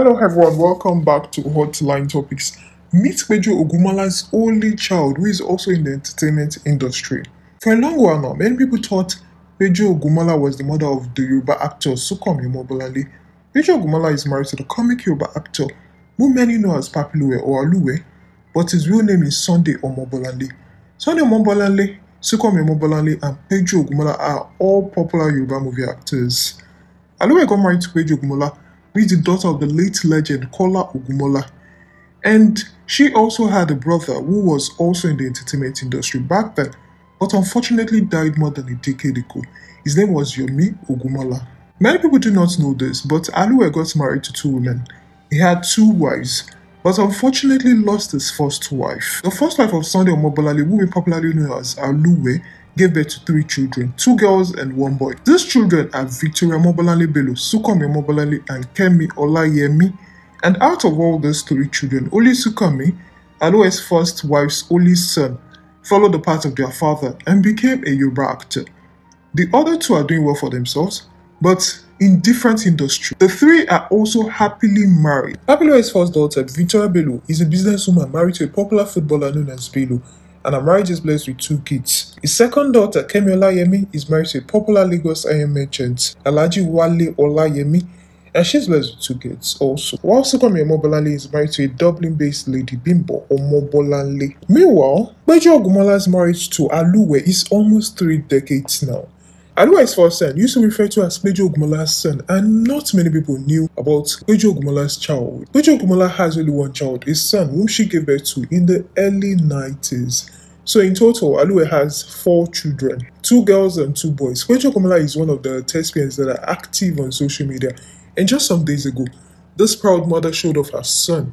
Hello everyone, welcome back to Hotline Topics. Meet Pedro Ogumala's only child who is also in the entertainment industry. For a long while now, many people thought Pedro Ogumala was the mother of the Yoruba actor Sukom Yomobolale. Pedro Ogumala is married to the comic Yoruba actor who many know as Papilue or Aluwe, but his real name is Sunday Omobolale. Sunday Omobolale, Sukom Yomobolale and Pedro Ogumala are all popular Yoruba movie actors. Aluwe got married to Pedro Ogumala who is the daughter of the late legend Kola Ogumola. And she also had a brother who was also in the entertainment industry back then, but unfortunately died more than a decade ago. His name was Yomi Ogumola. Many people do not know this, but Aluwe got married to two women. He had two wives, but unfortunately lost his first wife. The first wife of Sunday Omobolale, who we popularly know as Aluwe, gave birth to three children, two girls and one boy. These children are Victoria Mobolale Belo, Sukami Mobolale and Kemi Olayemi. And out of all these three children, only Sukami, Aloe's first wife's only son, followed the path of their father and became a Yoruba actor. The other two are doing well for themselves, but in different industries. The three are also happily married. Abelo's first daughter, Victoria Belo, is a businesswoman married to a popular footballer known as Belo and Amarich is blessed with two kids. His second daughter, Kemiola Yemi, is married to a popular Lagos iron merchant, Alaji Wale Ola and she's blessed with two kids also. While Sukwami Omobolanle is married to a Dublin-based lady, Bimbo Omobolanle. Meanwhile, Bejo Ogumola's marriage to Aluwe is almost three decades now. Aluwe's first son used to be referred to as Pejo Ogumola's son, and not many people knew about Pejo Ogumola's child. Pejo Ogumola has only one child, his son, whom she gave birth to in the early 90s. So in total, Alue has four children, two girls and two boys. Kwecho Komala is one of the thespians that are active on social media. And just some days ago, this proud mother showed off her son.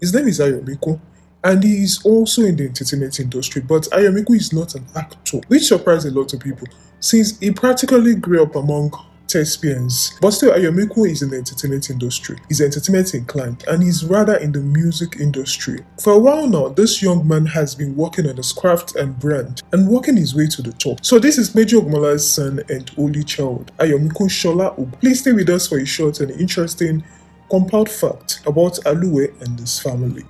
His name is Ayomiko, and he is also in the entertainment industry, but Ayomiko is not an actor, which surprised a lot of people since he practically grew up among thespians. But still, Ayomiku is in the entertainment industry. He's entertainment inclined and he's rather in the music industry. For a while now, this young man has been working on his craft and brand and working his way to the top. So this is Major Ogmola's son and only child, Ayomiku Shola Ub. Please stay with us for a short and interesting compound fact about Alue and his family.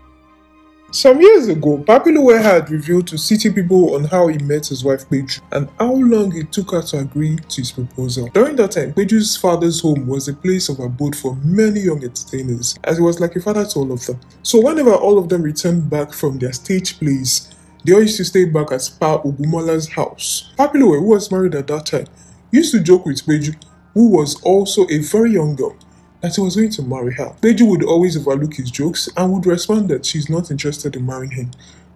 Some years ago, Babilowe had revealed to city people on how he met his wife Peju and how long it took her to agree to his proposal. During that time, Peju's father's home was a place of abode for many young entertainers, as he was like a father to all of them. So whenever all of them returned back from their stage plays, they all used to stay back at Pa Ogumola's house. Babilowe, who was married at that time, used to joke with Peju, who was also a very young girl, that he was going to marry her. Deji would always overlook his jokes and would respond that she's not interested in marrying him.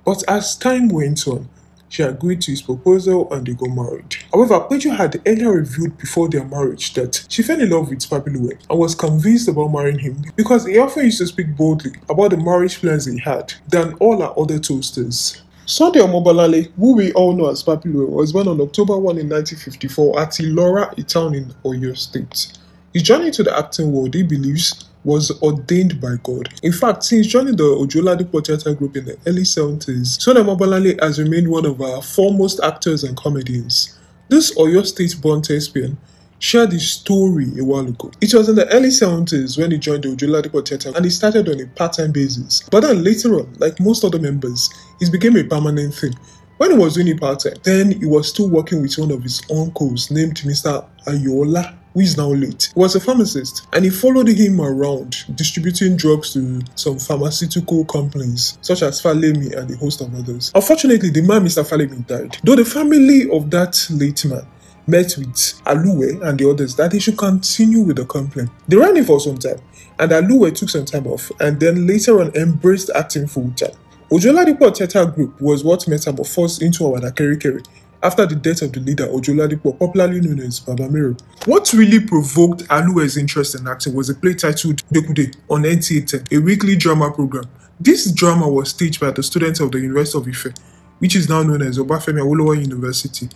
But as time went on, she agreed to his proposal and they got married. However, Peju had earlier revealed before their marriage that she fell in love with Papiluwe and was convinced about marrying him because he often used to speak boldly about the marriage plans he had than all her other toasters. Sunday Omobalale, who we all know as Papiluwe, was born on October 1 in 1954 at Ilora, a town in Oyo State. His journey to the acting world, he believes, was ordained by God. In fact, since joining the Ojoladipo Theatre Group in the early 70s, Sona Mabalale has remained one of our foremost actors and comedians. This Oyo State-born thespian shared his story a while ago. It was in the early 70s when he joined the Ojoladipo Theatre and he started on a part-time basis. But then later on, like most other members, it became a permanent thing. When he was doing it part-time, then he was still working with one of his uncles named Mr. Ayola who is now late, was a pharmacist and he followed him around distributing drugs to some pharmaceutical companies such as Falemi and a host of others. Unfortunately, the man Mr. Falemi died, though the family of that late man met with Aluwe and the others that they should continue with the complaint. They ran it for some time and Aluwe took some time off and then later on embraced acting full time. Ojoladipo Theatre Group was what metamorphosed into Awadakere after the death of the leader Ojoladipo, popularly known as Baba What really provoked Aluwe's interest in acting was a play titled Dekude on NTA10, a weekly drama program. This drama was staged by the students of the University of Ife, which is now known as Obafemi Awolowo University.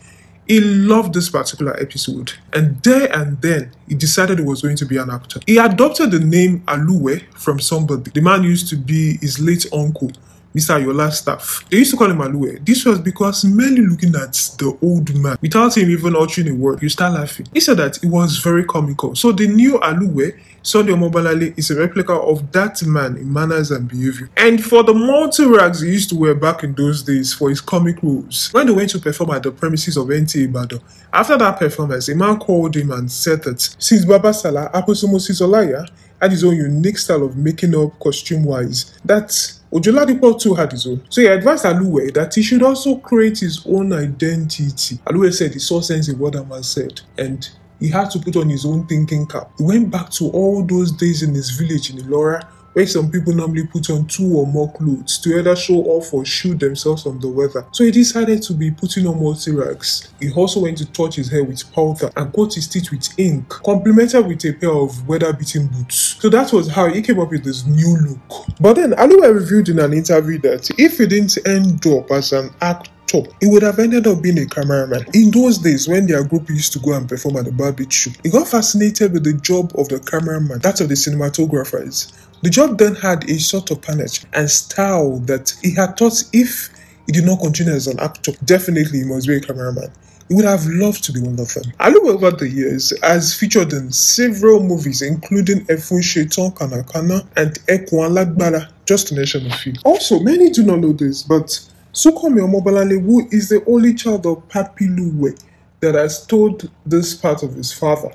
He loved this particular episode, and there and then he decided he was going to be an actor. He adopted the name Aluwe from somebody. The man used to be his late uncle, Mr. Ayola's staff. They used to call him Alue. This was because merely looking at the old man, without him even uttering a word, you start laughing. He said that it was very comical. So the new Alue, Sunday Mobalale, is a replica of that man in manners and behavior. And for the multi rags he used to wear back in those days for his comic roles, when they went to perform at the premises of NTA Ibadan, after that performance, a man called him and said that since Baba Salah, is a Olaya, had his own unique style of making up costume wise that Ojoladipo too had his own. So he advised Aluwe that he should also create his own identity. Aluwe said he saw sense in what man said and he had to put on his own thinking cap. He went back to all those days in his village in Ilora where some people normally put on two or more clothes to either show off or shield themselves from the weather. So he decided to be putting on multi rags. He also went to touch his hair with powder and coat his teeth with ink, complemented with a pair of weather beating boots. So that was how he came up with his new look. But then Aluwa revealed in an interview that if he didn't end up as an actor, chop. He would have ended up being a cameraman. In those days, when their group used to go and perform at the barbecue. he got fascinated with the job of the cameraman, that of the cinematographers. The job then had a sort of panache and style that he had thought if he did not continue as an actor, definitely he must be a cameraman. He would have loved to be one of them. Alu over the years has featured in several movies, including Efun Shaitan Kanakana and Ekwan Lagbara, just to mention a few. Also, many do not know this, but Sukome Omobalalewu is the only child of Papiluwe that has told this part of his father,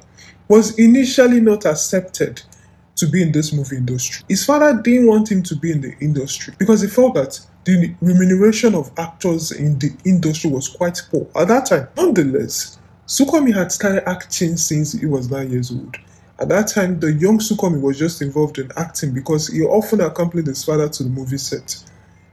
was initially not accepted to be in this movie industry. His father didn't want him to be in the industry because he felt that the remuneration of actors in the industry was quite poor at that time. Nonetheless, Sukomi had started acting since he was nine years old. At that time, the young Sukomi was just involved in acting because he often accompanied his father to the movie set.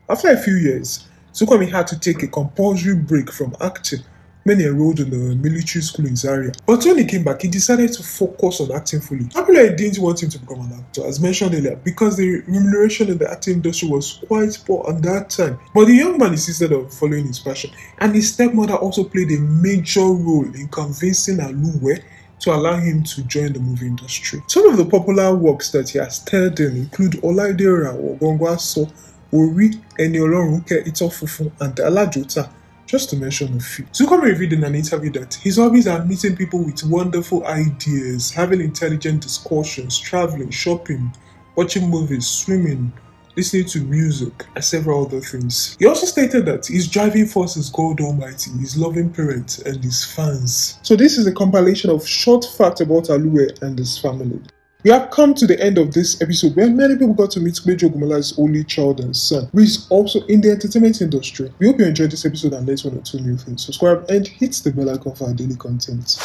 After a few years, Sukwami had to take a compulsory break from acting when he enrolled in a military school in Zaria. But when he came back, he decided to focus on acting fully. Abulai didn't want him to become an actor, as mentioned earlier, because the remuneration in the acting industry was quite poor at that time. But the young man insisted on following his passion, and his stepmother also played a major role in convincing Aluwe to allow him to join the movie industry. Some of the popular works that he has starred in include Olaide Dera or Gongwa So, Ori, Eni Olorunke, Ito Fufu, and Alajota, just to mention a few. Zuko revealed in an interview that his hobbies are meeting people with wonderful ideas, having intelligent discussions, traveling, shopping, watching movies, swimming, listening to music, and several other things. He also stated that his driving force is God Almighty, his loving parents, and his fans. So, this is a compilation of short facts about Alue and his family. We have come to the end of this episode where many people got to meet Major Gumala's only child and son, who is also in the entertainment industry. We hope you enjoyed this episode and learned one or two new things. Subscribe and hit the bell icon for our daily content.